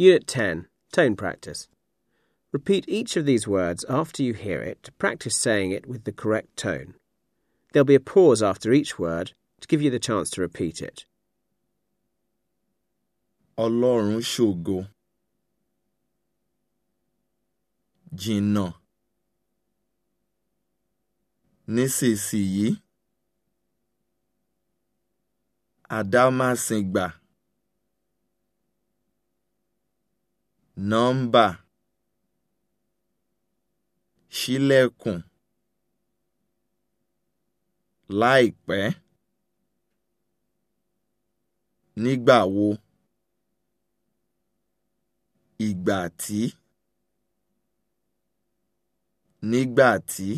Unit 10 Tone Practice. Repeat each of these words after you hear it to practice saying it with the correct tone. There'll be a pause after each word to give you the chance to repeat it. Ọlọ́run ṣògo. Jìnnà. Nísinsìnyí. Singba. nọ́mbà ṣílẹ̀kùn láìpẹ́ nígbà wo ìgbà tí nígbà tí.